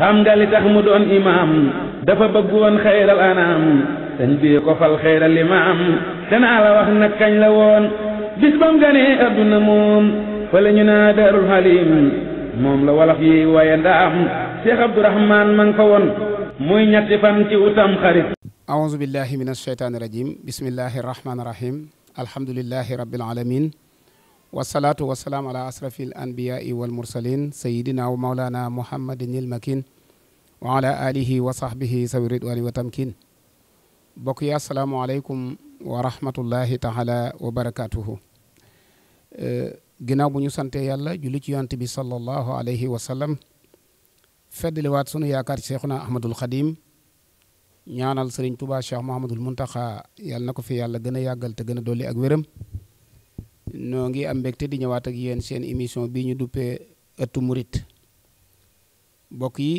xam nga li tax mu doon imaam dafa bëgg woon xayral anaam sëñ bi ko fal xayral imaam danaa la wax nag kañ la woon bis bam ganee adduna moom fële ñu naa darul halim moom la wolof yi waaye ndaam Cheikh Abdourahman ma nga fa woon muy ñetti fan ci utam xarit aouzu billahi min asheytaani rajim bismillahi rahmaani rahim alhamdulillahi rabbil alamin wasalaatu wasalaam ala asrafil anbiyaai wal mursalin sayidina wa maulana muhammadin il wa ala alihi wa sahbihi sawi ridwani wa tamkin bokk yi asalaamu aleykum wa rahmatullahi taala wa barakatuhu eh, ginnaaw bu ñu sante yàlla julli ci yonent bi sallallahu alayhi wa sallam feddliwaat sunu yaakaar ci cheikhuna ahmadul xadim ñaanal sëriñ tubaa cheikh mahamadul muntaxa yàlla na ko fi yàlla gën a yàggal te gën a dolli ak wéram noo ngi am mbégte di ñëwaat ak yéen seen émission bi ñu duppee ëttu murit mbokk yi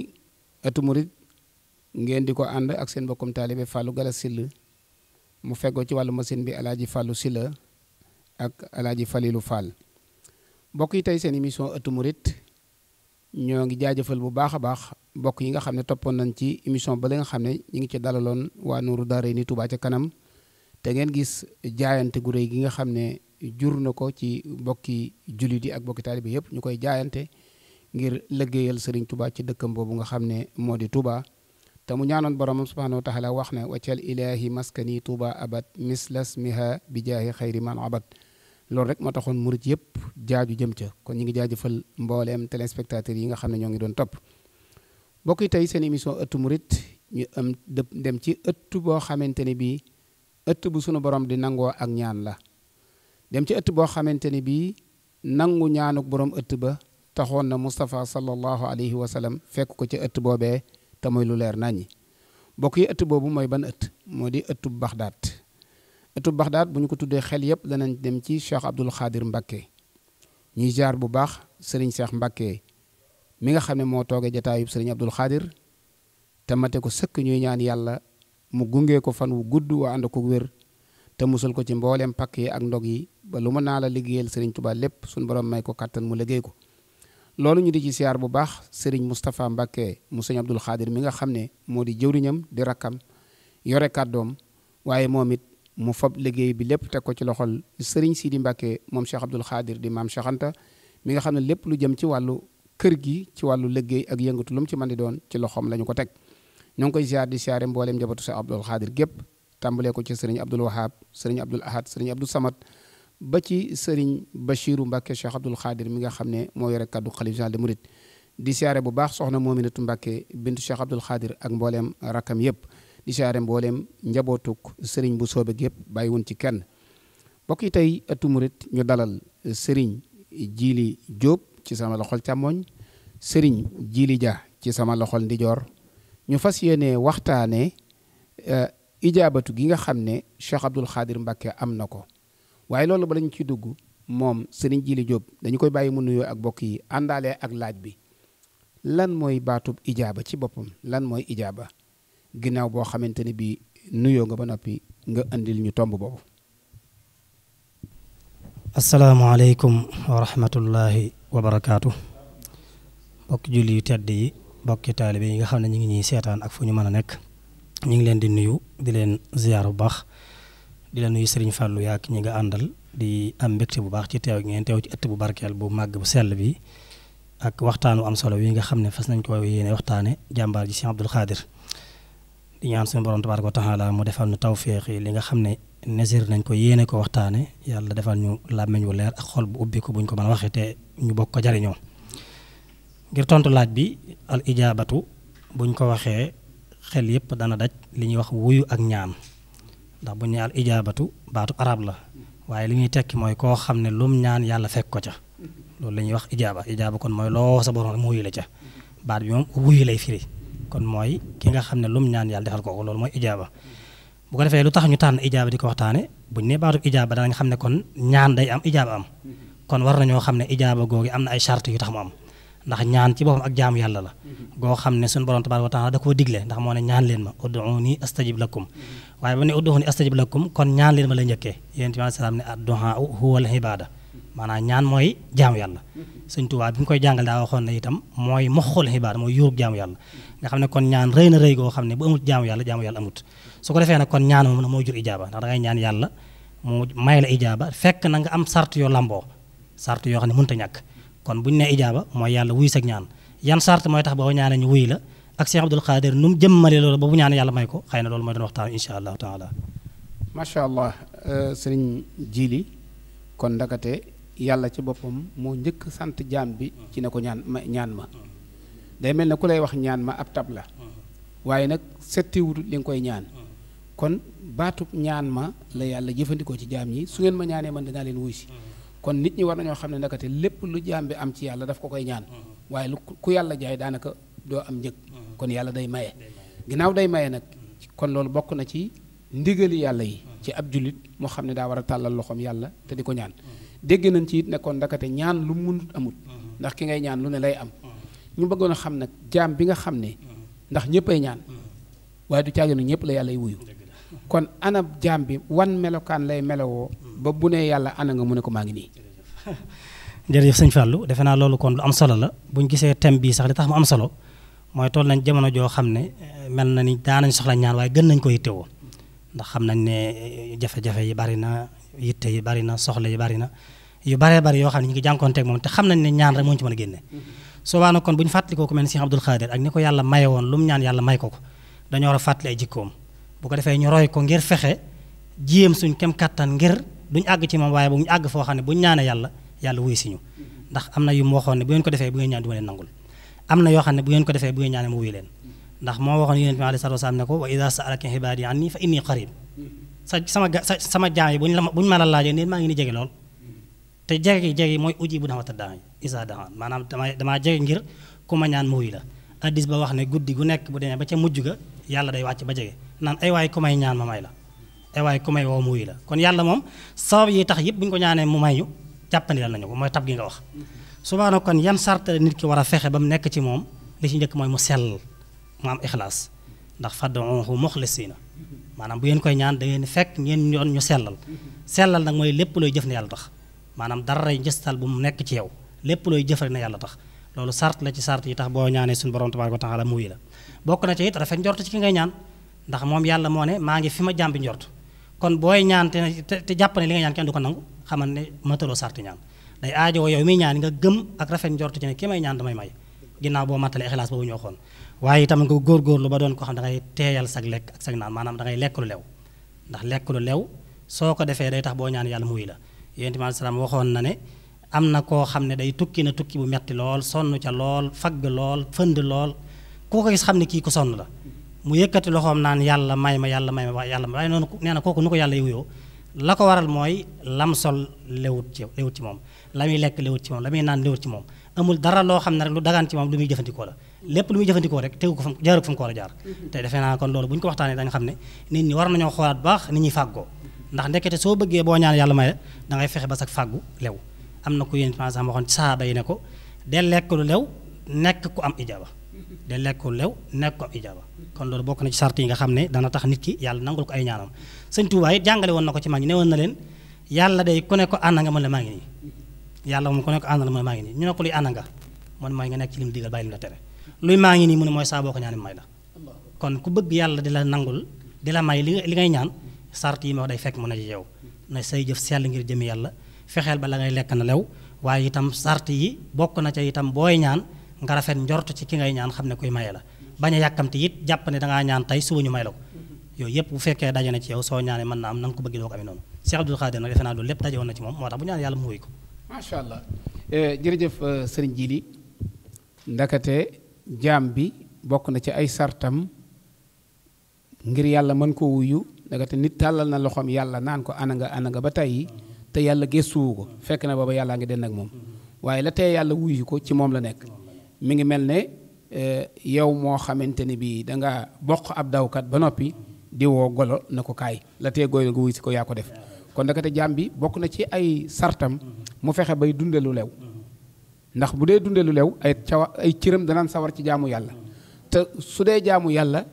ëttu murit ngeen di ko ànd ak seen mbokkum taalibe Fallou gala Syll mu feggoo ci wàllu machine bi alaaji Fallou Sylla ak alaaji Falilou Fall mbokk yi tey seen émission ëttu murit ñoo ngi jaajëfal bu baax a baax mbokk yi nga xam ne toppoon nañ ci émission ba la nga xam ne ñu ngi ci dalaloon waa Nuuru Daarayni Touba ca kanam te ngeen gis jaayante gu rëy gi nga xam ne jur na ko ci bokki jullit yi ak bokki taalibe yëpp ñu koy jaayante ngir liggéeyal Serigne tubaa ci dëkkam boobu nga xam ne moo di Touba te mu ñaanoon boromam subhaanahu wa taala wax ne waccal ilaahi maskani Touba abad mislas mi bi jaahi xayri man abad loolu rek moo taxoon murit yëpp jaaju jëm ca kon ñu ngi jaajëfal mbooleem tele téléspectateurs yi nga xam ne ñoo ngi doon topp bokk yi tey seen émission ëttu murit ñu am dem ci ëtt boo xamante ne bii ëtt bu sunu borom di nangoo ak ñaan la dem ci ëtt boo xamante ni bii nangu ñaanuk borom ëtt ba taxoon na Moustapha sallallahu alayhi wa sallam fekk ko ci ëtt boobee te mooy lu leer naññi bokk yi ëtt boobu mooy ban ëtt moo di ëttub Baxdaat ëttub Baxdaat bu ñu ko tuddee xel yëpp danañ dem ci Cheikh Abdoul Khadir Mbacké ñuy jaar bu baax sëriñ Cheikh Mbacké mi nga xam ne moo toogee jataayub sëriñ Abdoul Khadir te mate ko sëkk ñuy ñaan yàlla mu gunge ko fan wu gudd waa ànd ko wér te musal ko ci mbooleem pakk yi ak ndog yi ba lu mën naa la liggéeyal sëriñ Tuubaa lépp suñ borom may ko kàttan mu liggéey ko loolu ñu di ci siyaar bu baax sëriñ Moustapha Mbacke mu sëñ Xaadir mi nga xam ne moo di jëwriñam di rakkam yore kàddoom waaye moom it mu fab liggéey bi lépp teg ko ci loxol sëriñ Sidi Mbacke moom Cheikh Abdul Xaadir di maam Cheikh Anta mi nga xam ne lépp lu jëm ci wàllu kër gi ci wàllu liggéey ak yëngatu lu ci mën di doon ci loxoom la ñu ko teg ñoo ngi koy siyaar di siyaare mbooleem njabootu Cheikh Abdul Xaadir gépp tàmbalee ko ci sëriñ Abdul Wahab sëriñ Abdul Ahad sëriñ Abdul Samad ba ci sëriñ Bachiru Mbacke Cheikh Abdul Xaadir mi nga xam ne moo yore kaddu xalif général des mourides di siyaare bu baax soxna Moominatu Mbacke bintu Cheikh Abdul Xaadir ak mbooleem rakkam yëpp di mbooleem njabootuk sëriñ bu soobee yëpp bàyyiwun ci kenn mbokk yi tey ëttu murit ñu dalal sëriñ Jili Diop ci sama loxol càmmoñ sëriñ Jili Dia ci sama loxol ndijoor ñu fas yéene waxtaanee. Euh, ijaabatu gi nga xam ne Cheikh Abdoul Khadir Mbacke am na ko waaye loolu ba lañ ci dugg moom Serigne Jili Diop dañu koy bàyyi mu nuyoo ak mbokk yi àndaale ak laaj bi lan mooy baatub ijaaba ci boppam lan mooy ijaaba ginnaaw boo xamante ne bii nuyoo nga ba noppi nga indil ñu tomb boobu. asalaamaaleykum wa rahmatullahi wa barakaatu. mbokki julli yu tedd yi mbokki taalibe yi nga xam ne ñu ngi ñuy seetaan ak fu ñu mën a nekk. ñu ngi leen di nuyu di leen ziar bu baax di leen nuyu Serigne Fallou yaak ñi nga àndal di am mbégte bu baax ci teew ngeen teew ci ëtt bu barkeel bu màgg bu sell bi ak waxtaanu am solo wi nga xam ne fas nañ ko yéene waxtaane jàmbaar ji Serigne Abdou Khadre di ñaan suñu borom tabaaraka wa taala mu defal ñu tawféex yi li nga xam ne nasir nañ ko yéene ko waxtaane yàlla defal ñu làmmiñ wu leer ak xol bu ubbi ko buñ ko mën a waxee te ñu bokk ko jariñoo ngir tontu laaj bi al ijaabatu buñ ko waxee xel yëpp dana daj li ñuy wax wuyu ak ñaan ndax bu ñu al ijaabatu baatu arab la waaye li ñuy tekki mooy koo xam ne lum ñaan yàlla fekk ko ca loolu la ñuy wax ijaaba ijaaba kon mooy loo sa borom mu la ca baat bi moom lay firi kon mooy ki nga xam ne lum ñaan yàlla defal ko loolu mooy ijaaba bu ko defee lu tax ñu tànn ijaaba di ko waxtaane buñ ne baatu ijaaba danañ xam ne kon ñaan day am ijaaba am kon war na ñoo xam ne ijaaba googu am na ay charte yu tax mu am ndax ñaan ci boppam ak jaamu yàlla la goo xam ne suñu borom tabaaraka wa da koo digle ndax moo ne ñaan leen ma ud'uuni astajib lakum waaye ba ne ud'uuni astajib lakum kon la njëkkee yonent bi alayhi salaam ne ad-du'aa huwa al-ibaada maanaam ñaan mooy jaamu yàlla Sëñ Tuubaa bi ñu koy jàngal daa waxoon na itam mooy moxul ibaada mooy yuurug jaamu yàlla nga xam ne kon ñaan rëy na rëy goo xam ne bu amut jaamu yàlla jaamu yàlla amut ko defee nag kon ñaan moom mooy jur ijaaba ndax da ngay ñaan yàlla mu may la ijaaba fekk na nga am sart yoo lamboo sart yoo xam ne mënta ñàkk kon bu buñ ne ijaaba mooy yàlla wuy sag ñaan yan sart mooy tax ba wa ñaane ñu wuy la ak Cheikh Abdoul Khadir nu mu jëmmale loolu ba bu ñaane yàlla may ko xëy na loolu mooy doon waxtaan insha allahu taala macha allah euh, kon ndakate yàlla ci boppam moo njëkk sant jaam bi ci ne ñaan ma ñaan ma day mel ne ku lay wax ñaan ma ab tab la nag settiwut li nga koy ñaan kon baatub ñaan ma la yàlla jëfandikoo ci jaam ñi su ngeen ma ñaanee man dinaa leen wuy kon nit ñi war nañoo xam ne nakate lépp lu jaam bi am ci yàlla daf ko koy ñaan mm-hmm. waaye lu ku yàlla jaay daanaka doo am njëg mm-hmm. kon yàlla day maye ginnaaw day maye nag mm-hmm. kon loolu bokk na ci ndigali yàlla yi ci ab jullit moo xam ne daa war a tàllal loxoom yàlla te di ko ñaan dégg nañ ci it kon ndakate ñaan lu munut amut ndax ki ngay ñaan lu ne lay am ñu bëggoon a xam nag jaam bi nga xam ne ndax ñëpp ay ñaan waaye du caaginu ñëpp la yàlla y wuyu kon anab jaam bi wan kaan lay melowoo ba bu ne yàlla ana nga mu ko maa ngi nii. jërëjëf sëñ Fallou naa loolu kon lu am solo la bu ñu bii sax li tax am solo mooy toll nañ jamono joo xam ne eh, mel na ni daan nañ soxla ñaan waaye gën nañ ko yittewoo ndax xam nañ ne eh, jafe-jafe yi bari na yitte yi bari na soxla yi bari na yu baree bari yoo xam ne ñu ngi jànkoonteeg moom te xam nañ ne ñaan rek moo ñu ci génne. souvent nag kon bu ñu fàttalikoo ku mel ne Khadir ak ni ko yàlla maye woon lu mu ñaan yàlla may ko ko dañoo war ay jikkoom bu ko defee ñu roy ko ngir fexe jéem suñ kem kàttan ngir duñ àgg ci moom waaye bu ñu àgg foo xam ne buñ ñaanee yàlla yàlla wuy ñu ndax am na yu mu waxoon ne bu ngeen ko defee bu ñaan du ma leen nangul am na yoo xam ne ngeen ko defee bu ngeen leen ndax moo waxoon yonent bi alayhi salaatu wasalaam ne ko wa idaa sa'alaka ibaadi anni fa inni qarib sa sama sa sama jaam yi buñ la buñ ma la laajee neen maa ngi ni jege lool te jege gi jege mooy uji bu dawata daan isaa daan maanaam dama damaa jege ngir ku ma ñaan mu wuy la addis ba wax ne guddi gu nekk bu demee ba ca mujj ga yàlla day wàcc ba jege naan ay eh waay ku may ñaan ma may la eh ay ku may woo mu wuyu la kon yàlla moom sabab yi tax yëpp bu ñu ko ñaanee mu may ñu jàppandi nañu ko mooy tab gi nga wax subaana kon yan sart nit ki war a fexe ba mu nekk ci moom li ci njëkk mooy mu sell mu am ixlaas ndax fad'uuhu muxlisiina maanaam bu ngeen koy ñaan da ngeen fekk ngeen yoon ñu sellal sellal nag mooy lépp looy jëf ne yàlla tax maanaam dara njëstal bu mu nekk ci yow lépp looy jëf rek yàlla tax loolu sart la ci sart yi tax boo ñaanee suñu borom tabaaraka wa taala mu wuyu la njort ci ki ngay ñaan ndax moom yàlla moo ne maa ngi fi ma jàmbi njort kon booy ñaan te te jàpp ne li nga ñaan kenn du ko nangu xamal ne mataloo sarti ñaan day aajowoo yow mi ñaan nga gëm ak rafet njort ci ne ki may ñaan damay may ginnaaw boo mattalee ixlaas boobu ñoo xoon waaye itam nga góorgóorlu ba doon ko xam da teeyal sag lekk ak sag maanaam da ngay lu lew ndax lekk lu lew soo ko defee day tax boo ñaan yàlla muy la yonent bi salaam waxoon na ne am na koo xam ne day tukki na tukki bu metti lool sonn ca lool fagg lool fënd lool ku ko gis xam ne kii ko sonn la mu yëkkati loxoom naan yàlla may ma yàlla may ma yàlla waaye noonu nee na kooku nu ko yàlla yiwuyoo la ko waral mooy lam sol lewut ci lewut ci moom la muy lekk lewut ci moom la muy naan lewut ci moom amul dara loo xam ne lu dagaan ci moom lu muy jëfandikoo la lépp lu muy jëfandikoo rek tegu ko fa jaaru ko fa mu ko war a jaar mm-hmm. te defe naa kon loolu bu ñu ko waxtaanee dañ xam ne nit ñi war nañoo xoolaat bu baax nit ñi fàggoo ndax ndekete soo bëggee boo ñaan yàlla may da ngay fexe ba sax fàggu lew am na ku yéen par exemple waxoon ci sahaaba yi ko del lekk lu lew nekk ku am ijaaba de lekku lew nekk ko ijaaba kon loolu bokk na ci sart yi nga xam ne dana tax nit ki yàlla nangul ko ay ñaanam sëñ Tuubaa jàngale woon na ko ci mag ñi na leen yàlla day ku ne ko ànd nga mën la la mën la maa ngi nii ñu ne ko luy ànd nga man mooy nga nekk ci li digal bàyyi li mu la ngi nii mu ne mooy saa ko ñaan may la kon ku bëgg yàlla di la nangul di la may li ngay ñaan sart yi ma day fekk mu ne ci yow say jëf sell ngir jëmi yàlla fexeel ba la ngay lekk na lew waaye itam sart yi nga rafet njort ci ki ngay ñaan xam ne kuy maye la bañ a yàkkamti it jàpp ne dangaa ñaan tey suba ñu may la ko yooyu yëpp bu fekkee daje na ci yow soo ñaanee mën naa am na nga ko bëgg doo ko amee noonu Cheikh Abdoul Khadir nag defe naa loolu lépp daje woon allah eh, jërëjëf eh, sëriñ Jili ndakate jaam bi bokk na ci ay sartam ngir yàlla mën ko wuyu ndakate nit tàllal na loxoom yàlla naan ko ana nga ana nga ba tey te yàlla gëstuwu ko fekk na booba yàllaa ngi dem nag moom mm-hmm. waaye la tey yàlla wuyu ko ci moom la nekk mi ngi mel ne eh, yow moo xamante ni bii da nga bokk ab dawkat ba noppi di golo na ko kaay la tee goy nga wuy si ko yaa ko def kon ndekete jaam bi bokk na ci ay sartam mu fexe bay dunde lu lew ndax bu dee dunde lu lew ay cawa ay cëram danaan sawar ci jaamu yàlla te su dee jaamu yàlla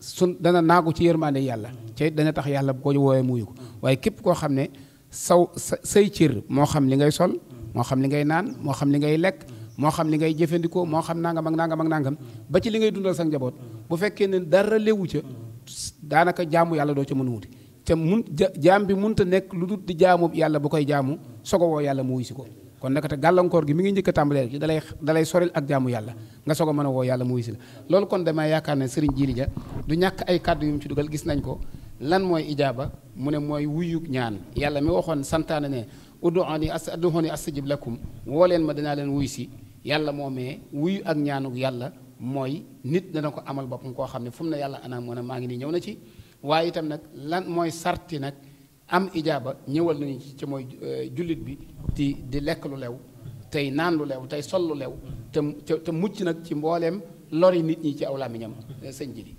su dana naagu ci yërmaande yàlla te dana tax yàlla bu ko woowee muyu ko waaye képp koo xam ne saw sa say cër moo xam li ngay sol moo xam li ngay naan moo xam li ngay lekk moo xam li ngay jëfandikoo moo xam nangam ak nangam ak nangam ba ci li ngay dundal sa njaboot bu fekkee ne dara léwu ca daanaka jaamu yàlla doo ca mën a wuti te mun jaam bi munta nekk lu dul di jaamu yàlla bu koy jaamu sogo woo yàlla mu wuy si ko kon nag gàllankoor gi mi ngi njëkk a tàmbalee ci dalay dalay soril ak jaamu yàlla nga sogo mën a yàlla mu si la loolu kon dama yaakaar ne sëriñ Jili Ja du ñàkk ay kàddu yu mu ci dugal gis nañ ko lan mooy ijaaba mu ne mooy wuyug ñaan yàlla mi waxoon santaane ne udduuni as udduuni astajib lakum woo leen ma dinaa leen wuy si yàlla moomee wuy ak ñaanu yàlla mooy nit dana ko amal boppam koo xam ne fu mu ne yàlla anam mën a maa ngi nii ñëw na ci waaye tam nag lan mooy sarti nag am ijaaba ñëwal nañu ci mooy euh, jullit bi di di lekk lew tey naan lu lew tey sol lu lew te te mucc nag ci mbooleem lori nit ñi ci aw làmmiñam euh, sëñ ji di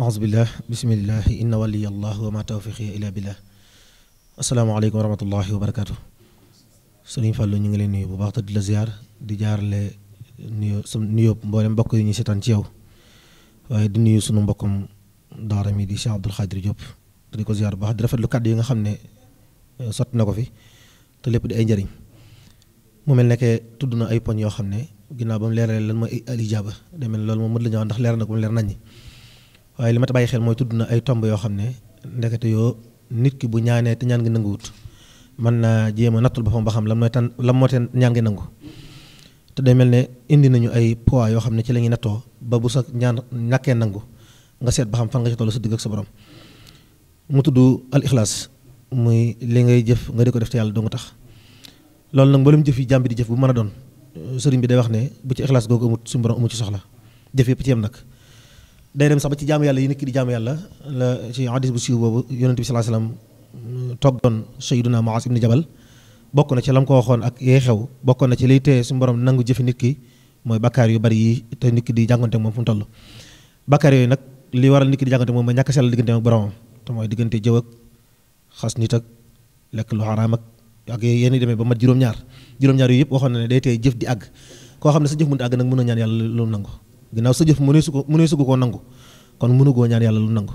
ahousubillah bisimillahi inna waliya allah wa ma tawfiqi illa billah asalaamaaleykum wa rahmatullahi wa barakatu sëriñ Fàllu ñu ngi leen nuyu bu baax te di la ziar di jaarale nuyo su nuyoo mboolem mbokk yi ñu seetaan ci yow waaye di nuyu sunu mbokkum daara mi di Cheikh Abdoul Khadir Diop te di ko ziar bu baax di lu kàdd yi nga xam ne eh, sotti na ko fi te lépp di ay njariñ mu mel nekkee tudd na ay poñ yoo xam ne ginnaaw ba mu leeralee lan mooy al ijaaba day mel loolu moom mën lañu ñu wax ndax leer na ko mu leer naññi waaye li ma ta bàyyi xel mooy tudd na ay tomb yoo xam ne ndekete yoo nit ki bu ñaanee te ñaan ngi nanguwut mën naa jéem a nattul boppam ba xam lan mooy tan lan moo te ñaan ngi te day mel ne indi nañu ay poids yoo xam ne ci la ñuy nattoo ba bu sa ñaan ñàkkee nangu nga seet ba xam fan nga ci sa digg sa borom mu tudd al li ngay jëf nga di ko def te yàlla doo tax loolu nag mboolem jëf yi jàmbi di jëf bu mën a doon sëriñ bi day wax ne bu ci ixlaas googu amut suñu borom ci soxla jëf yëpp ci yem nag dem sax ba ci jaamu yàlla yi nekk di jaamu yàlla la ci boobu yonent bi sallallahu alayhi wasallam togg doon sayyiduna Muaz ibn Jabal bokk na ci lam ko waxoon ak yee xew bokk na ci liy téye suñu borom nangu jëfi nit ki mooy bakkaar yu bari yi te nit ki di jàngonte moom fu mu toll bakkaar yooyu nag li waral nit ki di jàngonte moom mooy ñàkk sell diggante ak boromam te mooy diggante jëw ak xas nit ak lekk ba mat juróom-ñaar juróom-ñaar yëpp waxoon na ne day tey jëf di àgg koo xam ne sa jëf mënut àgg nag mën a ñaan yàlla lu nangu ginnaaw sa jëf mënee su ko mënee su ko nangu kon mënugoo ñaan yàlla lu nangu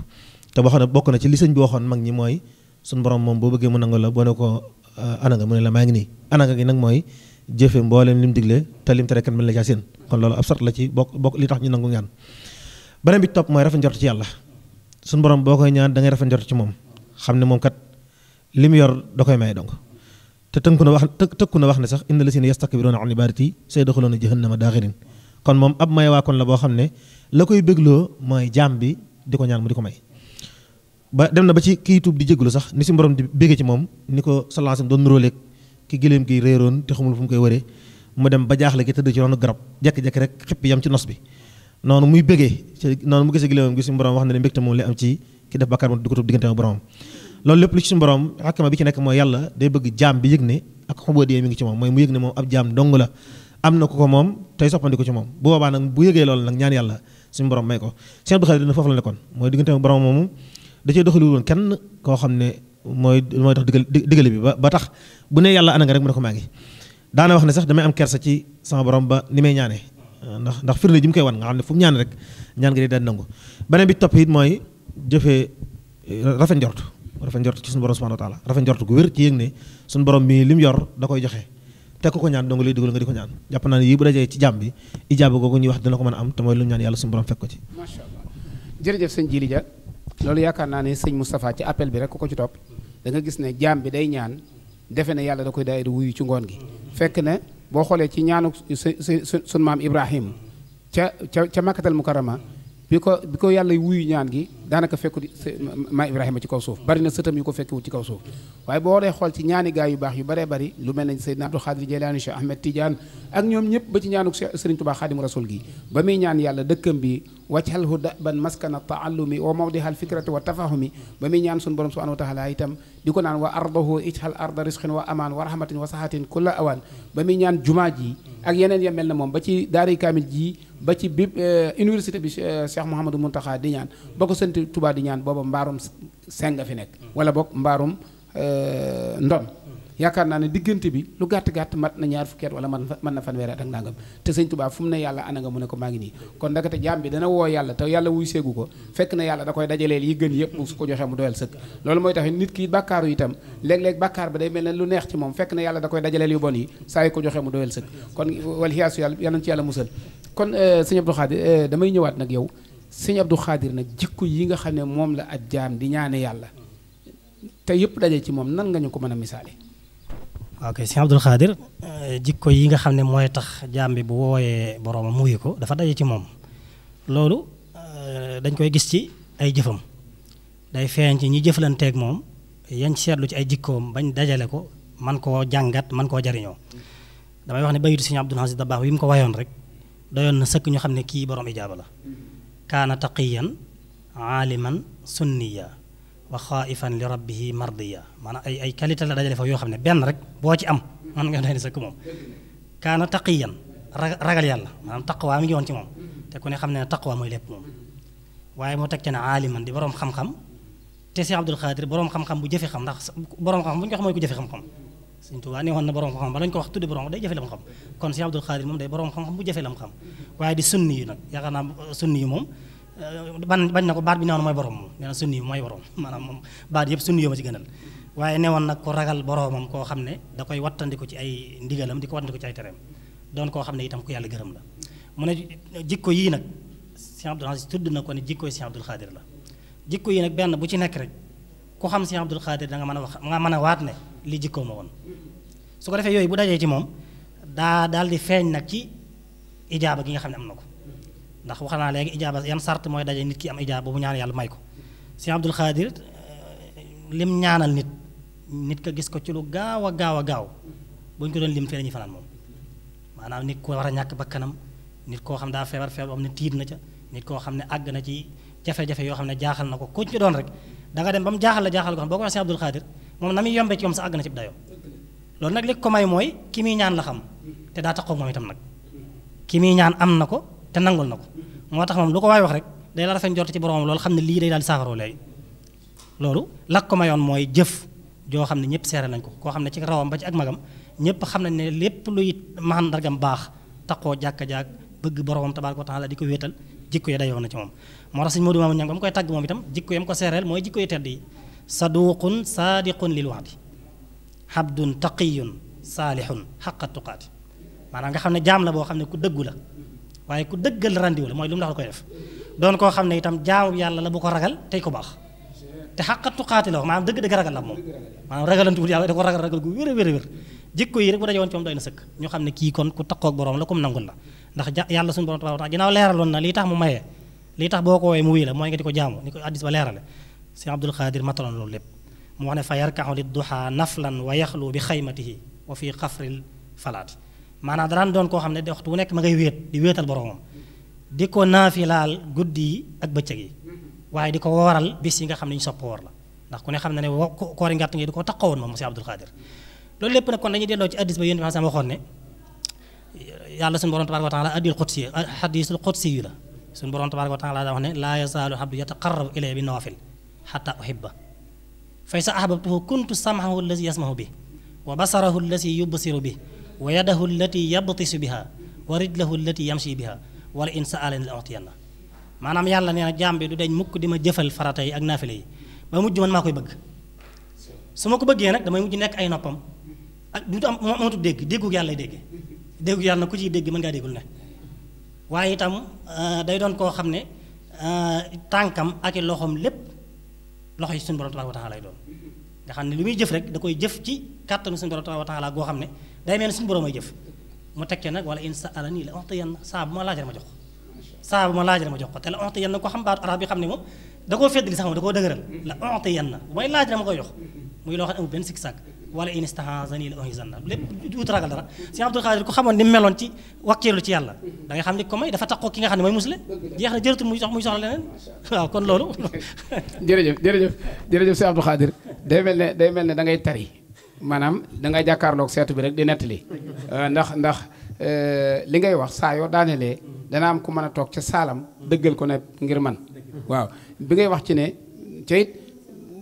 te waxoon na bokk na ci li sëñ bi waxoon mag ñi mooy suñu borom moom boo bëggee mu nangu la ko Euh, ana nga mu ne la maa ngi nii ana nga gi nag mooy jëfe mbooleem lim digle te lim tere kenn mën la caa seen kon loolu ab sart la ci bokk bokk li tax ñu nangu ñaan beneen bi topp mooy rafet njort ci yàlla suñu borom boo koy ñaan da ngay rafet njort ci moom xam ne moom kat li mu yor da koy may donc te tënku na wax tëkku na wax ne sax inna lasina yastakbiruuna an ibaadati sayadxuluuna jahannama daaxirin kon moom ab may waa kon la boo xam ne la koy bégloo mooy jaam bi di ko ñaan mu di ko may ba dem na ba ci kii tuub di jégalu sax ni si borom di béggee ci moom ni ko sallallahu alayhi doon nuróoleeg ki gëléem gi réeroon te xamul fu mu koy waree mu dem ba jaaxle tëdd ci ronu garab jekki-jekki rek xippi yam ci nos bi noonu muy béggee noonu mu gisee gëléemam gi suñu borom wax na nekk mooy yàlla day bëgg jaam bi yëg ne ak xubóodiyee mi ngi ci moom mooy mu yëg ne moom ab jaam dong la am na ko ko moom tey soppandi ci moom boobaa nag bu yëgee la ma borom moomu da cee doxalu woon kenn koo xam ne mooy mooy tax digal digale bi ba tax bu ne yàlla ana nga rek mu ne ko maa ngi daana wax ne sax damay am kersa ci sama borom ba ni may ñaanee ndax ndax firnde ji mu koy wan nga xam ne fu mu ñaan rek ñaan nga dee daan nangu beneen bi topp it mooy jëfee eh, rafet njort rafet njort ci suñu borom subhanahu wa taala rafet njort gu wér ci yëg ne suñu borom mi li yor da koy joxe te ku ko ñaan dong lay dugal nga di ko ñaan jàpp naa ne yii bu dajee ci jàmm bi ijaaba googu ñuy wax dina ko mën a am te mooy lu mu ñaan yàlla suñu borom fekk ko ci. loolu yaakaar naa ne sëñ Moustapha ci appel bi rek ku ko ci topp da gis ne jaam bi day ñaan defe ne yàlla da koy daayira wuyu ci ngoon gi fekk ne boo xoolee ci ñaanu sun maam Ibrahim ca ca ca Makkatal Mukarrama bi ko bi ko yàlla wuyu ñaan gi daanaka fekku maa Ibrahima ci kaw suuf bari na sëtam yu ko fekkiwut ci kaw suuf waaye boo dee xool ci ñaani gaay yu baax yu baree bari lu mel ne Seydina Abdou Khadir Jeylaani Cheikh Ahmed Tidiane ak ñoom ñëpp ba ci ñaanuk Serigne Touba Xaadimu Rasul gi ba muy ñaan yàlla dëkkam bi wajhalhu daban maskana taallumi wa mawdiha alfikrati wa tafahumi ba muy ñaan sun borom subhanahu wa a itam di ko naan wa ardahu ijhal arda risqin wa aman wa rahmatin wa sahatin kulla awaan ba muy ñaan jumaa ji ak yeneen ya mel na moom ba ci daari kaamil ji ba ci bi eh, université bi eh, Cheikh Mouhamadou Mountakha di ñaan ba ko sënti Tuubaa di ñaan booba mbaarum senga fi nekk wala boog mbaarum eh, ndon yaakaar naa ne diggante bi lu gàtt-gàtt mat na ñaar fukki at wala mën na fanweeri at ak nangam te sëñ Tuubaa fu mu ne yàlla ana nga mu ne ko maa ngi nii kon ndakate jaam bi dana woo yàlla te yàlla wuy seegu ko fekk na yàlla da koy dajaleel yi gën yëpp mu su ko joxee mu doyal sëkk loolu mooy tax nit ki bàkkaaru itam léeg-léeg bàkkaar ba day mel neex ci moom fekk na yàlla da koy dajaleel yu bon yi saa yu ko kon wal xiyaasu yàlla yal nañu ci yàlla musal kon euh, sëñ Abdou Khadir euh, damay ñëwaat nag yow sëñ du Khadir nag jikko yi nga xam ne moom la ab jaam di ñaane yàlla te yëpp daje ci moom nan nga ñu ko mën a misaale waaw kay sëñ Abdul Xaadir eh, jikko yi nga xam ne mooy tax jaam bi bu wooyee boroomam muyu ko dafa daje ci moom loolu eh, dañ koy gis ci ay jëfam day feeñ ci ñi jëflanteeg moom yañ seetlu ci ay jikkoom bañ dajale ko man koo jàngat man koo jariñoo damay wax ne bayitu sëñ Abdul Xaadir da baax wi mu ko wayoon rek doyoon na sëkk ñu xam ne kii borom ijaaba la kaana taqiyan aaliman sunniya wa xaaifan li rabbihi mardiya maanaam ay ay la dajale foofu xam ne benn rek boo ci am man nga doy ne sëkk moom kaana taqiyan ragal yàlla maanaam taqwa mi ngi woon ci moom te ku ne xam ne ne taqwa mooy lépp moom waaye moo teg ci ne aaliman di boroom xam-xam te si Abdul Xaadir boroom xam-xam bu jëfe xam ndax boroom xam-xam bu ñu ko wax mooy ku jëfe xam-xam Sëñ ne woon na boroom xam-xam bala wax tudde boroom day jëfe lam xam kon si Abdul Xaadir moom day boroom xam-xam bu jëfe lam xam waaye di sunni yu nag yaakaar naa moom Euh, ban bañ na ko baat bi newoon mooy borom moom nee na sunni mooy borom maanaam moom baat yëpp sunni yoo ma ci gënal waaye newoon nag ku ragal boromam koo xam ne da koy wattandiku ci ay ndigalam di ko wattandiku ci ay tereem doon koo xam ne itam ku yàlla gërëm la mu jikko yii nag Sëñ Abdul Aziz tudd na ko ne jikkoy Sëñ Abdul Xaadir la jikko yi nag benn bu ci nekk rek ku xam Sëñ Abdul Xaadir da nga mën a wax nga mën a waat ne li jikkoo ma woon su ko defee yooyu bu dajee ci moom daa daal di feeñ nag ci ijaaba gi nga xam ne am na ko ndax wax naa léegi ijaaba yan sart mooy daje nit ki am ijaaba bu ñaan yàlla may ko sëñ Abdul Xaadir eh, lim ñaanal nit nit ka gis ko ci lu gaaw a gaaw a gaaw bu ñu ko doon lim fee la ñuy fanaan moom maanaam nit ku war a ñàkk ba kanam nit koo xam ne daa feebar feebar am ne tiit na ca nit koo xam ne àgg na ci jafe-jafe yoo xam ne jaaxal na ko ku ci doon rek da nga dem ba mu jaaxal la jaaxal ko xam boo ko waxee sëñ Abdul Xaadir moom na muy yombee ci moom sax àgg loolu nag li ko may mooy ki muy ñaan la xam te daa taxaw moom itam nag ki muy ñaan am na ko te nangul na ko moo tax moom lu ko waay wax rek day la rafet njort ci boromam loolu xam ne lii day daal di saafaroo léegi loolu lak ko mayoon mooy jëf joo xam ne ñëpp seere nañ ko koo xam ne ci rawam ba ci ak magam ñëpp xam nañ ne lépp luy mandargam baax taqoo jàkka-jàkk bëgg boromam tabaaraka wa la di ko wéetal jikko yi dayoon na ci moom moo tax sëñ Modou Mamoune Niang ba mu koy tàgg moom itam jikko yam ko seereel mooy jikko yi tedd yi saduqun saadiqun lil wa'di habdun taqiyun saalihun xaqa tuqaati maanaam nga xam ne jaam la boo xam ne ku dëggu la waaye ku dëggal rendiwu la mooy lu mu la koy def doon koo xam ne itam jaamu yàlla la bu ko ragal tey ko baax te xàqa tuqaati la wax maanaam dëgg dëgg ragal la moom maanaam ragalantuwul yàlla da a wér a wér jikko yi xam ne kii kon ku taqoog boroom la kum nangul la ndax yàlla suñu borom tabaaraka taala ginnaaw leeraloon na lii tax mu mayee lii tax boo ko woowee mu wuy la nga di ko jaamu ni ko addis ba leerale si abdul xaadir mataloon loolu lépp mu wax ne fa yarkaxu li duxaa naflan wa yaxlu bi xaymatihi wa fi xafril falaat maanaam daan doon koo xam ne di waxtu bu nekk ma ngay wéet di wéetal boromam di ko naafilaal guddi yi ak bëccëg yi waaye di ko wooral bis yi nga xam ne ñu sopp woor la ndax ku ne xam ne ne koori ngàtt ngi di ko taqawoon moom monsieur Abdul Xaadir loolu lépp nag kon dañuy delloo ci addis ba yéen bi sama waxoon ne yàlla suñu borom tabaraka wa taala addil xudsi hadisul xudsi la suñu borom tabaraka wa taala daa wax ne laa yazaalu abdu yataqarrabu ilay bi nawafil xata uhibba fa sa ahbabtuhu kuntu samhahu allazi yasmahu bi wa basarahu bi wa yadahu allati yabtisu biha wa rijlahu allati yamshi biha wala in sa'alani la utiyanna maanaam yàlla nee na jaam bi du deñ mukk di ma jëfal farata yi ak naafile yi ba mujj man maa koy bëgg su ma ko bëggee nag damay mujj nekk ay noppam ak du am amatu dégg déggu yàlla lay déggee déggu yàlla na ku ciy dégg mën ngaa déggul ne waaye itam euh, day doon koo xam ne euh, tànkam ak i loxoom lépp loxo yi suñu borom tabaaraka wa doon nga xam ne lu muy jëf rek da koy jëf ci kàttanu suñu borom tabaaraka goo xam ne day mel ni suñu borom ay jëf mu tekkee nag wala in saalani la onte yenn saa bu ma laajal ma jox ko saa bu ma laajal ma jox ko te la onte yenn ko xam baatu arab bi xam ne moom da koo fedd li laaj dama koy jox muy loo xam ne amul benn sikk sàkk wala in istahazani la uhizanna lépp duut ragal dara si Abdul Xaadir ku xamoon ni meloon ci wakkeelu ci yàlla da nga xam ni ko may dafa taxoo ki nga xam ne mooy musle jeex na jërëtu muy sox muy soxla leneen kon loolu jërëjëf jërëjëf jërëjëf si s Xaadir day mel ne day mel ne da ngay tari maanaam da ngay jàkkaarloog seetu bi rek di nettali euh, ndax ndax euh, li ngay wax saa yoo daanelee dana am ku mën a toog ca saalam dëggal ko ne ngir man waaw bi ngay wax ci ne ca it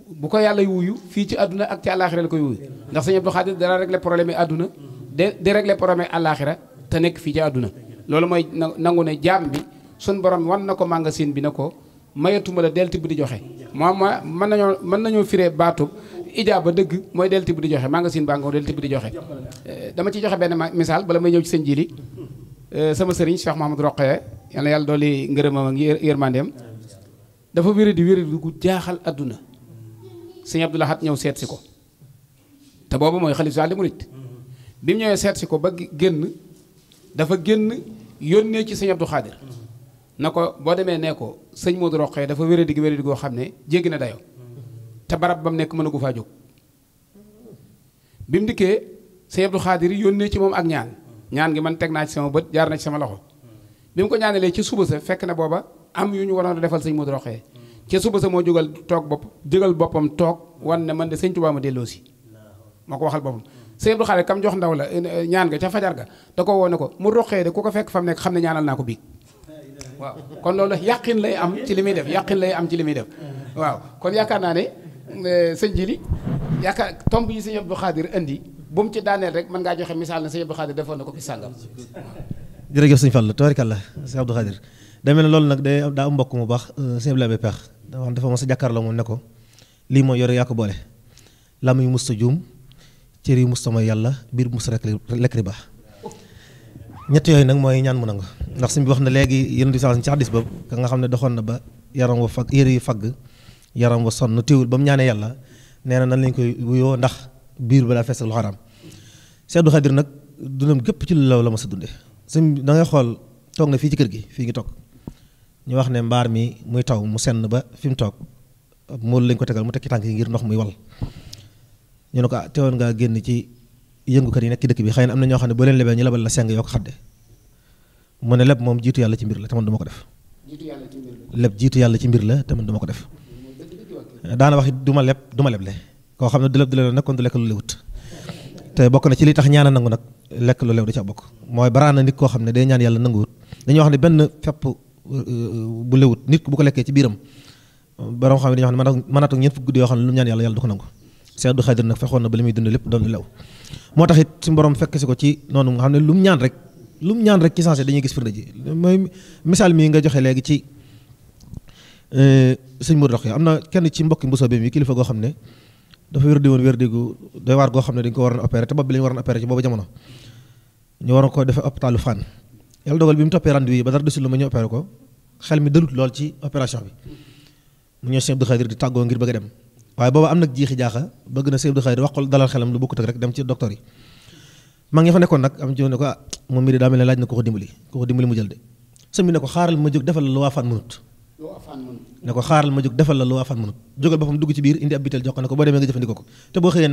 bu ko yàlla yuyu fii ci àdduna ak ci àllaaxira la koy wuyu ndax sëñ Abdou Khadir dana régler problème yi àdduna de di régler problème yi àllaaxira te nekk fii ci àdduna loolu mooy nangu ne jaam bi suñ borom wan na ko magasin bi na ko mayatuma la del tibb di joxe moo ma mën nañoo mën nañoo firee baatub ba dëgg mooy del tibb di joxe magasin baa nga del tibb di joxe eh, dama ci joxe benn misaal bala may ñëw ci sëñ jili eh, sama sëriñ Cheikh Mahamadou Roqee yal na yàlla dooli ngërëmam ak yërmandeem dafa wéradi wéradi gu jaaxal adduna sëñ Abdou Lahad ñëw seet si ko te boobu mooy xalif sal di murit bi mu ñëwee seet ko ba génn dafa génn yónnee ci sëñ Abdou Khadir na ko boo demee nee ko sëñ Modou Roqee dafa wéradi gi wéradi goo xam ne jéggi na dayoo te barab ba mu nekk mën mënagu faa jóg bi mu dikkee sëñ Abdou Khadir yónnee ci moom ak ñaan ñaan ngi man teg naa ci sama bët jaar na ci sama loxo bi mu ko ñaanalee ci suba sa fekk na booba am yu ñu waroon a defal sañ Modou Rokhaya ca suba sa moo jógal toog bopp jógal boppam toog wan ne man de sëñ Tuubaa ma delloo si moo ko waxal boppam sëñ Abdou Khadir kam jox ndaw la eh, eh, ñaan nga ca fajar ga da ko woo ko mu roqee de ku ko fekk fa mu nekk xam ne ñaanal naa ko biig waaw kon loolu yàqin lay am ci li muy def yàqin lay am ci li muy def Euh, sëñ ji li yaakaar tomb yi sëñ Abdou Khadir indi bu mu ci daaneel rek man ngaa joxe misaal na sëñ Abdou Khadir defoon na ko fi sàngam. jërëjëf la Fall la sëñ Abdou Khadir demee na loolu nag day daa mbokk mu baax euh, sëñ Abdou Labe Peex dafa mos jàkkaarloo moom ne ko lii mooy yore yaa ko boole lam yu juum cër yu musta mooy yàlla biir musta rek lekk riba ñett yooyu nag mooy ñaan mu nangu ndax suñ wax na léegi yéen di sax ci hadiis ba ka nga xam ne doxoon na ba yaram wa fag yëre yu fag yaram wa sonn teewul ba mu ñaanee yàlla nee na nan lañ koy wuyoo ndax biir balaa fees ak lu xaraam Seex Abdu Xaadir nag dundam gépp ci loolu la ma sa dunde sëñ da ngay xool toog na fii ci kër gi fii ngi toog ñu wax ne mbaar mi muy taw mu senn ba fi mu toog mool lañ ko tegal mu tekki tànk yi ngir ndox muy wal ñu ne ko ah, teewoon ngaa génn ci yëngukat yi nekk ci dëkk bi xëy na am na ñoo xam ne boo leen lebee ñu lebal la seng yoo ko xadde mu ne leb moom jiit yàlla ci mbir la te man duma ko jiitu yàlla ci mbir la te man duma ko def daana wax du ma leb du ma leble koo xam ne du leb du lew nag kon du lekk lu lewut te bokk na ci li tax ñaan a nangu nag lekk lu lew da ca bokk mooy baraana nit koo xam ne day ñaan yàlla nanguwut dañuy wax ne benn fepp uh, uh, bu lewut nit ku bu ko lekkee ci biiram borom xam ne dañuy yoo xam ne lu ñaan yàlla yàlla du ko nangu Seex Abdu Xaadir nag fexoon na ba ci noonu nga xam lu mu ñaan rek lu mu ñaan rek ci sensé dañuy gis firnde ji mooy misaal mi nga joxe léegi ci Euh, sëñ Modou Rokhaya am na kenn ci mbokki Mbusoobe mi kilifa goo xam ne dafa wér di woon wér digu waar goo xam ne dañ ko waroon opéré te bopp bi la ñu waroon opéré ci boobu jamono ñu waroon ko defee hôpitalu Fann yàlla dogal bi mu toppee rendez-vous yi ba dara desul lu ma ñu opéré ko xel mi dalut lool ci opération bi mu ñëw Sëñ Abdou di tàggoo ngir bëgg a dem waaye booba am nag jiixi jaaxa bëgg na Sëñ Abdou Khadir waxul dalal xelam lu bokkut ak rek dem ci docteur yi maa ngi fa nekkoon nag am ci ah, ne laaj na ko ko dimbali ko ko dimbali mu jël ma jóg defal la waa ne ko xaaral ma jóg defal la lu afaan mënut jógal boppam dugg ci biir indi ab bitel jox ko ne ko boo demee nga jëfandikoo ko te boo xëyee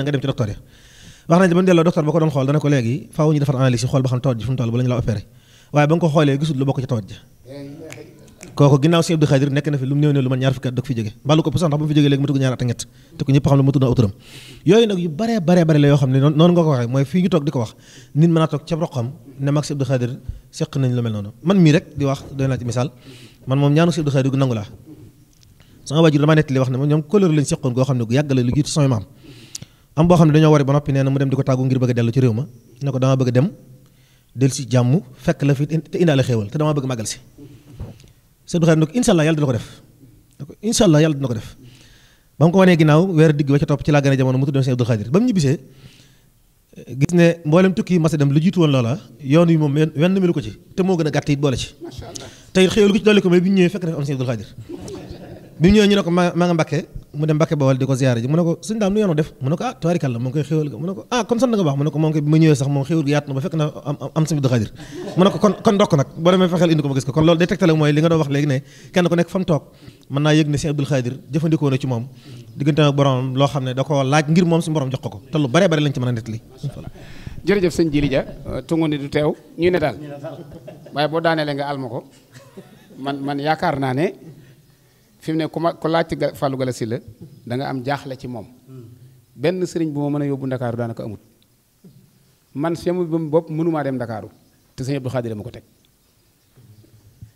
na fi lu mu néew ne lu man ñaar fukki at doog fi jóge mbalu ko pour sax ndax ba mu fi jógee léegi mu nag yu bare bare bare la yoo xam ne noonu nga ko waxee mooy fii ñu toog di ko wax nit mën a toog ca roqam ne mag Sëñ Abdou Khadir seq nañ lu mel noonu man mii rek di wax doy naa ci misaal man moom ñaanu Sëñ Abdou gu nangu laa sama waajur damaa nettali wax ne moom ñoom couleur lañ seqoon goo xam ne gu yàgg la lu jiitu sama maam am boo xam ne dañoo wari ba noppi nee na mu dem di ko tàggu ngir bëgg a dellu ci réew ma ne ko dama bëgg a dem del si jàmm fekk la fi te indaale xéewal te dama bëgg màggal si Sëñ Abdou Khadre ko incha yàlla dina ko def ba mu ko wanee ginnaaw weer digg ba ca topp ci laa gën a jamono mu tuddoon Sëñ Abdou Khadre ba gis ne mboolem tukki yi mas a dem lu jiitu woon loola yoon yi moom wenn melu ko ci te moo gën a gàtt it boole ci tey xéewal gu ci dolli ko bi ñëwee fekk na am am sëñ Abdul Xaadir mu ne ko kon kon nag boo demee fexeel indi ko ba gis ko kon loolu day tegtale mooy li nga doon wax léegi ne kenn ku nekk fa toog mën naa yëg ne sëñ Abdul Xaadir jëfandikoo ci moom diggante ak borom loo xam ne da ko laaj ngir moom suñu borom jox ko ko te lu bare bare lañ ci mën a nettali jërëjëf sëñ Jili Ja euh, tungu ni du teew ñu ne daal waaye boo daaneele nga alma ko man man yaakaar naa ne fi mu ne ku ma ku laaj Fallou falu la da nga am jaaxle ci moom benn sëriñ bu ma mën a yóbbu ndakaaru daanaka amut man sama bopp mënumaa dem ndakaaru te sëñ Abdou Khadir ma ko teg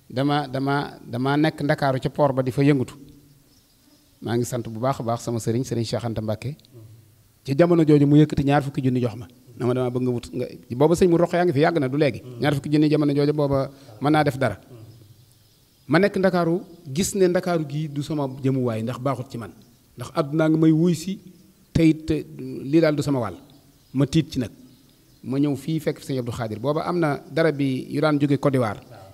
dama dama dama nekk ndakaaru ca poor ba di fa yëngatu maa ngi sant bu baax baax sama sëriñ sëriñ Cheikh Anta Mbacke ci jamono jooju mu yëkkati ñaar fukki junni jox ma na ma dama bëgg nga wut nga booba sëñ mu roq yaa ngi fi yàgg na du léegi ñaar fukki junni jamono jooju booba naa def dara ma nekk ndakaaru gis ne ndakaaru gii du sama jëmuwaay ndax baaxut ci man ndax àdduna nga may wuy si teyit lii daal du sama wàll ma tiit ci nag ma ñëw fii fekk sëñ Abdou Khadir booba am na dara bi yu daan jóge Côte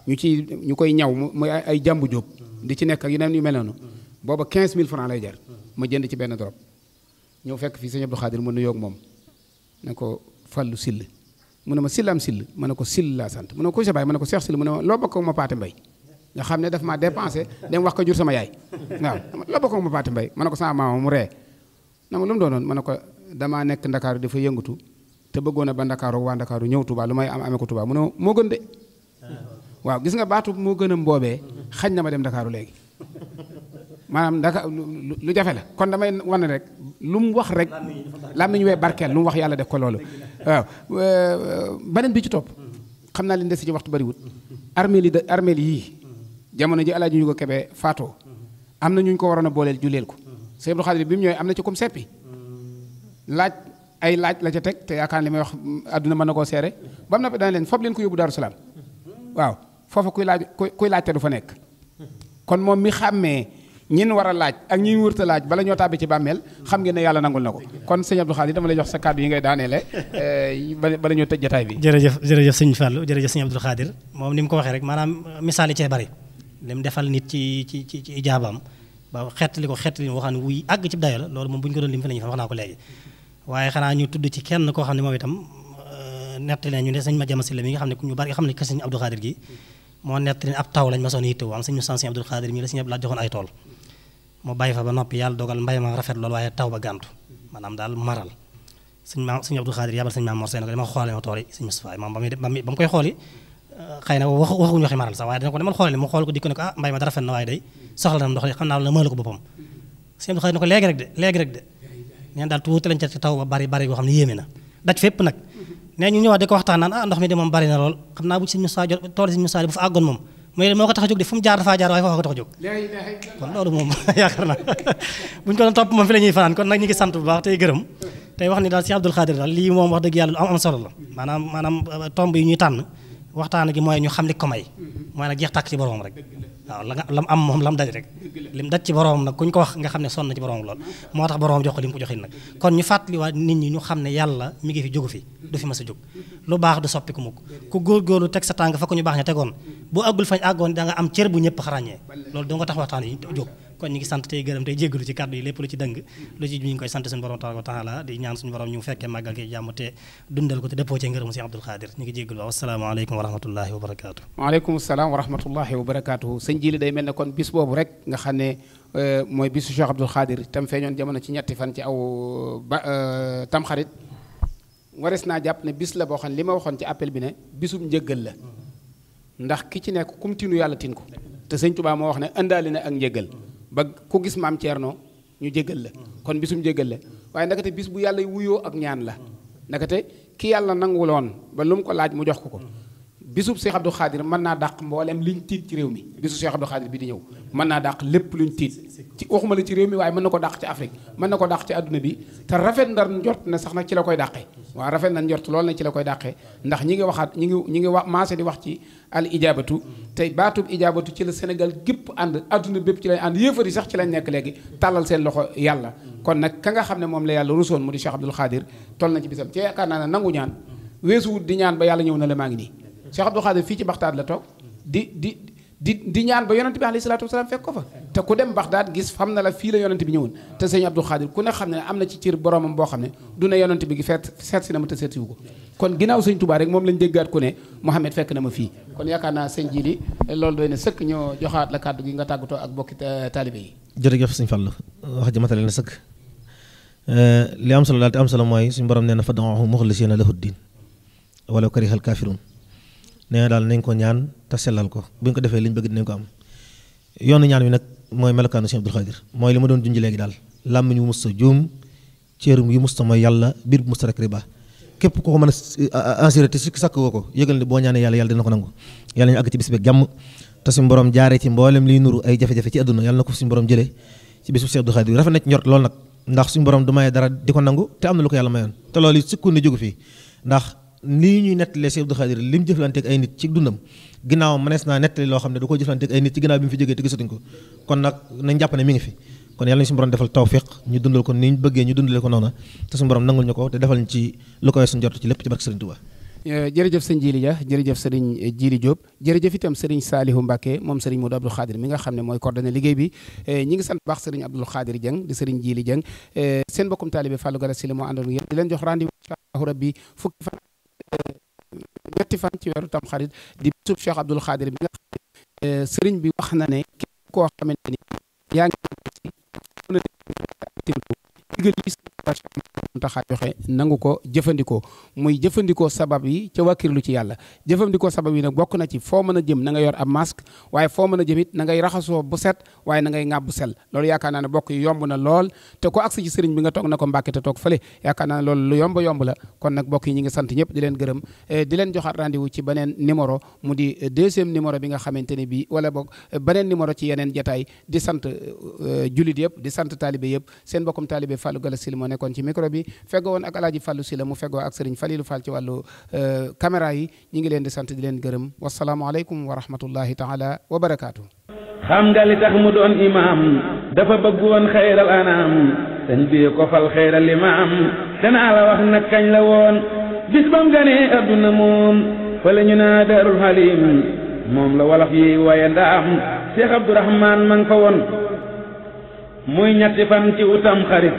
ñu ci ñu koy ñaw mu ay jàmbu jóob di ci nekk ak yeneen yu mel booba mille francs lay jar ma jënd ci benn drop ñëw fekk fii sëñ Abdou Khadir ma nuyoog moom ne ko fàllu sill mu ne ma sill am sill ma ne ko sill laa sant mu ne ko sa baay ma ne ko seex sill mu ne ma loo bokk ma paate nga xam ne daf maa dépensé dem wax ko jur sama yaay waaw loo bokk ma paate mbay ma ne ko sama maama mu ree na ma lu mu doonoon ma ne ko damaa nekk ndakaaru dafa yëngatu te bëggoon a ba ndakaaru waa ndakaaru ñëw Touba lu may am amee ko Touba mu ne moo gën de ah, waaw gis nga baatu moo gën a mboobee xañ na ma dem ndakaaru léegi maanaam daka lu jafe la kon damay wane rek lu mu wax rek làmmiñ wee barkeel lu mu wax yàlla def ko loolu waaw beneen bi ci topp xam naa li des ci waxtu bariwut armeel yi armeel yii jamono ji alaaji ñu ko kebee faatoo am na ñu ñu ko waroon a booleel julleel ko sëñ Abdou Khadir bi mu ñëwee am na ci kum seppi laaj ay laaj la ca teg te yaakaar li may wax àdduna ma na koo seere ba noppi dana leen foofu leen ko yóbbu Daaru Salaam waaw foofu kuy laaj kuy laaj laajte du fa nekk kon moom mi xàmmee ñin war laaj ak ñi wërta laaj bala ñoo tàbbi ci bàmmeel xam ngeen ne yàlla nangul na ko kon sëñ Abdou Khadir dama lay jox sa kàddu yi ngay daaneele eh, bala ñoo tëj jotaay bi jërëjëf jërëjëf sëñ Fallou jërëjëf sëñ Abdou Khadir moom ni mu ko waxee rek maanaam misaal yi defal nit ci ci ci ci ijaabaam ba xettali ko xettali waxaan wuy àgg ci dayo la loolu moom bu ñu wax naa ko léegi waaye ñu tudd ci kenn koo xam ne moom itam eh, nettali nañu ne la mi nga xam ne ku ñu bari xam ne sëñ Abdou Khadir gi moo nettali ab taw lañ ma soon yittewoo am sëñ Moussa sëñ Abdou Khadir mi la sëñ Abdou joxoon ay tool mu bay fa ba noppi yàlla dogal mbay ma rafet loolu waaye taw ba gàntu maanaam daal maral suñ maam suñu Abdou Khadir yabal suñu maam Mor Sène ko dama xoolee ma tool yi suñu koy xooli eh, xëy na wax waxuñu maral sax waaye dana ko demal xooli mu xool ko dikk ne ko ah, mbay ma da rafet na waaye day soxla na ndox li xam naa la mëla ko boppam suñu ko léegi rek de léegi rek de neen daal tuuti lañ ca taw ba bari bari boo xam ne yéeme na daj fépp nag nee ñu ñëwaat di ko waxtaan naan ah ndox mi de moom bari na lool xam moom mooy moo ko tax a jóg de fu mu jaar dafaa jaar waaye foo ko tax jóg kon loolu moom yaakaar naa buñ ko doon topp moom fi la ñuy fanaan kon nag ñu ngi sant bu baax tey gërëm tey wax ni daal si Abdul Xaadir daal lii moom wax dëgg yàlla lu am am solo la maanaam maanaam euh, tomb yi ñuy tànn waxtaan gi mooy ñu xam li ko may mm-hmm. mooy nag jeex tàkk ci boroom rek waaw la nga lam am moom lam daj rek lim daj ci boroom nag kuñ ko wax nga xam ne sonn na ci boroom lool moo tax boroom jox ko li mu ko joxin nag kon ñu fàttaliwaat nit ñi ñu xam ne yàlla mi ngi fi jógu fi du fi mas a jóg lu baax du soppi ku mukk ku góorgóorlu teg sa tànk fa ko ñu baax ña tegoon boo àggul fañ àggoon da am cër bu ñëpp xarañee loolu doo nga tax waxtaan yi jóg kon ñu ngi sant tey gërëm tey jéggalu ci kàddu yi lépp lu ci dëng lu ci ñu ngi koy sant suñu borom tabaraka wa taala di ñaan suñu borom ñu fekkee màggal gi jàmm te dundal ko te dëppoo ci ngërëmu Sëñ Abdul Xaadir ñu ngi jéggalu waaw asalaamaaleykum wa rahmatullahi wa barakaatu waaleykum salaam mel ne kon bis boobu rek nga xam ne euh, mooy bisu Cheikh Abdul Xaadir tam ñoon jamono ci ñetti fan ci aw euh, ba euh, tamxarit wares naa jàpp ne bis la boo xam ne li ma waxoon ci appel bi ne bisum njëggal la ndax ki ci nekk kum tinu yàlla tin ko te sëñ Tuubaa moo wax ne ëndaali na ak njëggal ba ku gis maam Thierno ñu jégal la kon bisum jégal la waaye ndakate bis bu yàlla wuyoo ak ñaan la ndakate kii yàlla nanguloon ba lu mu ko laaj mu jox ko ko bisub Cheikh Abdou Khadir mën naa dàq mboolem liñ tiit ci réew mi bisub Cheikh Abdou Khadir bi di ñëw mën naa dàq lépp luñ tiit ci waxuma la ci réew mi waaye mën na ko dàq ci Afrique mën na ko dàq ci àdduna bi te rafet na njort na sax nag ci la koy dàqee waa rafet na njort lool na ci la koy dàqee ndax ñi ngi waxaat ñi ngi ñi ngi wax maase di wax ci al ijaabatu te baatub ijaabatu ci la Sénégal gépp ànd àdduna bépp ci lañ ànd yéefar yi sax ci lañ nekk léegi tàllal seen loxo yàlla kon nag ka nga xam ne moom la yàlla rusoon mu di Cheikh Abdou Khadir toll na ci bisam naa ne nangu ñaan weesuwut ñaan ba yàlla ñëw na la maa ngi Cheikh Abdou Khadir fii ci Baxdaad la toog di di di ñaan ba yonent bi alayhi salaatu fekk ko fa te ku dem Baxdaad gis xam na la fii la yonent bi ñëwoon te sëñ Abdou Khadir ku ne xam ne am na ci cër boromam boo xam ne du ne yonent bi gi feet seet si na ma seet siwu ko kon ginnaaw sëñ Touba rek moom lañ déggaat ku ne Mouhamed fekk na ma fii kon yaakaar naa sëñ ji li loolu doy na sëkk ñoo joxaat la kàddu gi nga tàggatoo ak bokki eh, taalibe yi jërëjëf sëñ Fall wax ji matale na sëkk eh, li am solo daal te am solo mooy suñu borom nee na fa da'uuhu muxlisiina lahu diin walaw kariha al kaafiruun nee na daal nañ ko ñaan te sellal ko buñ ko defee liñ bëgg dinañ ko am yoonu ñaan wi nag mooy melokaanu Sëñ Abdul Xaadir mooy li ma doon junj léegi daal làmmiñ wu musta juum céerum yu musta mooy yàlla biir bu musta rek riba képp koo ko mën a assuré te sikk sàkk woo ko yëgal ne boo ñaanee yàlla yàlla dina ko nangu yàlla ñu àgg ci bis bi jàmm te suñu borom jaaree ci mboolem liy nuru ay jafe-jafe ci àdduna yàlla na ko suñu borom jëlee ci bis na na lu ko yàlla mayoon te loolu sukkandiku jógu lii ñuy nettalee Cheikh Abdou Khadir li mu jëflanteeg ay nit ci dundam ginnaaw mënees naa nettali loo xam ne da ko jëflanteeg ay nit ci ginnaaw bi mu fi jógee te gisatuñ ko kon nag nañ jàpp ne mi ngi fi kon yàlla ñu suñu borom defal tawfiq ñu dundal ko ni ñu bëggee ñu dundalee ko noona te suñu borom nangul ñu ko te defal ñu ci lu koy suñu jot ci lépp ci barke Sëriñ Tuubaa euh, jërëjëf sëñ Jili Dia jërëjëf sëriñ euh, Jili itam sëriñ Saalihu Mbacke moom sëriñ euh, moo àndoon ñetti fan ci weeru tam di bisub Cheikh Abdoul Khadir bi nga xam sëriñ bi wax na ne képp koo xamante ni yaa ngi si digal yi Cheikh Mountakha joxe nangu ko jëfandikoo muy jëfandikoo sabab yi ca wàkkirlu ci yàlla jëfandikoo sabab yi nag bokk na ci foo mën a jëm na nga yor ab masque waaye foo mën a jëm it na ngay raxasoo bu set waaye na ngay ŋàb bu sel loolu yaakaar naa ne bokk yi yomb na lool te ko agsi ci sëriñ bi nga toog na ko mbàkke te toog fële yaakaar naa ne loolu lu yomb yomb la kon nag bokk yi ñi ngi sant ñëpp di leen gërëm eh, di leen joxaat rendez ci beneen numéro mu di eh, deuxième numéro bi nga xamante ne bii wala boog eh, beneen numéro ci yeneen jataay di sant jullit yëpp di sant taalibe yëpp seen bokkum taalibe Fallou Xalilu Fall ci wàllu euh, caméra yi ñu ngi leen di sant di leen gërëm wasalaamualeykum wa rahmatullahi taala wa barakaatu. xam nga tax mu doon imaam dafa bëggoon xayral anaam sëñ bi ko la wax nag woon bis bam ganee adduna moom fële ñu naa darul halim moom la wolof yi waye ndaam Cheikh Abdourahman ma nga fa woon muy ñetti fan ci utam xarit